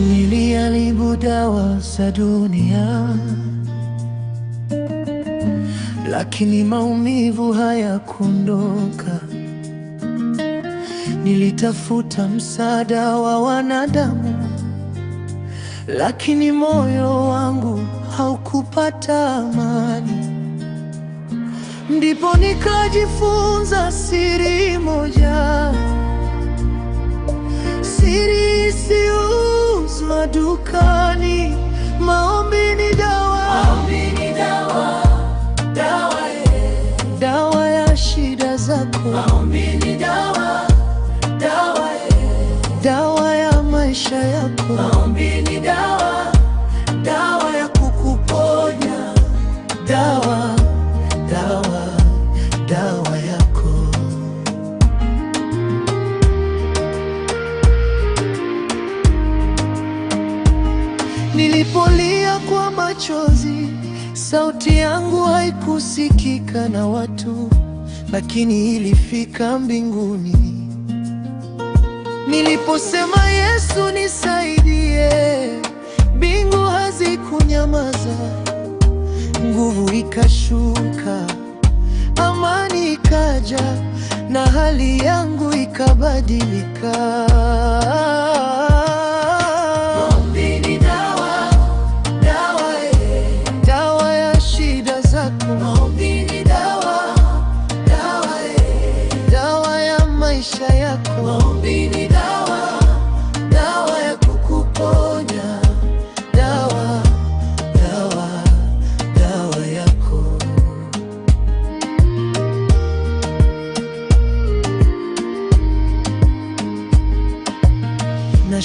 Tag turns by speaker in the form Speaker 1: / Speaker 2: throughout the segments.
Speaker 1: Milioni budawa sa dunia lakini maumivu hayakuondoka. Nilitafuta msaada wa wanadamu, lakini moyo wangu haukupata amani. Ndipo nikajifunza siri moja, siri isiyouzwa dukani.
Speaker 2: maisha yako.
Speaker 1: Maombi ni dawa, dawa ya kukuponya, dawa, dawa, dawa yako.
Speaker 2: Nilipolia kwa machozi, sauti yangu haikusikika na watu, lakini ilifika mbinguni. Niliposema Yesu nisaidie, bingu hazikunyamaza, nguvu ikashuka, amani ikaja, na hali yangu ikabadilika.
Speaker 1: Maombi ni dawa,
Speaker 2: dawa, ya shida zako.
Speaker 1: Maombi ni dawa,
Speaker 2: ya maisha yako.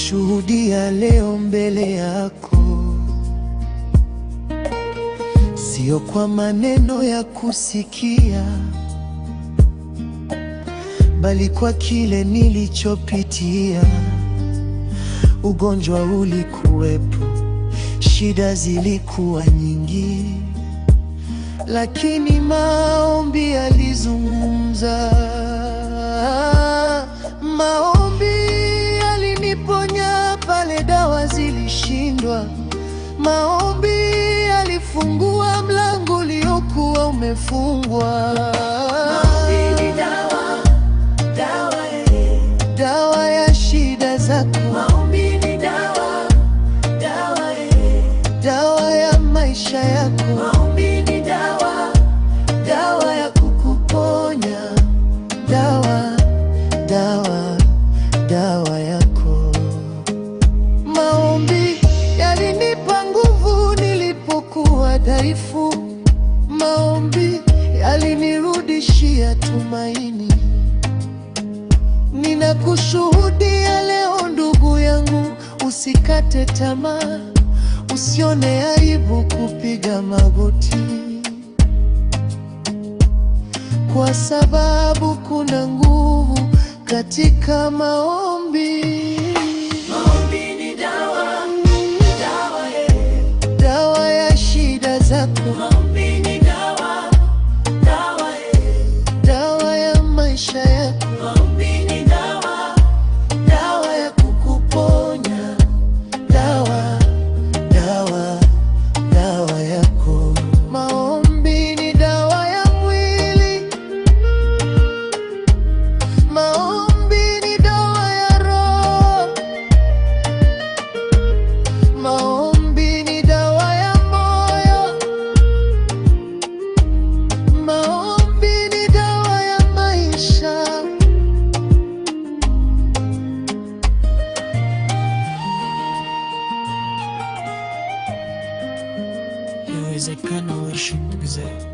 Speaker 2: Nashuhudia leo mbele yako, sio kwa maneno ya kusikia, bali kwa kile nilichopitia. Ugonjwa ulikuwepo, shida zilikuwa nyingi, lakini maombi yalizungumza, maombi Maombi yalifungua mlango uliokuwa umefungwa.
Speaker 1: Maombi ni dawa, dawa, eh,
Speaker 2: dawa ya shida zako.
Speaker 1: Maombi ni dawa, dawa, eh,
Speaker 2: dawa ya maisha yako.
Speaker 1: Maombi ni dawa, dawa ya kukuponya. Dawa, dawa, dawa ya
Speaker 2: kunirudishia tumaini. Ninakushuhudia leo ndugu yangu, usikate tamaa, usione aibu kupiga magoti, kwa sababu kuna nguvu katika maombi. Gerizekalı olur şimdi bize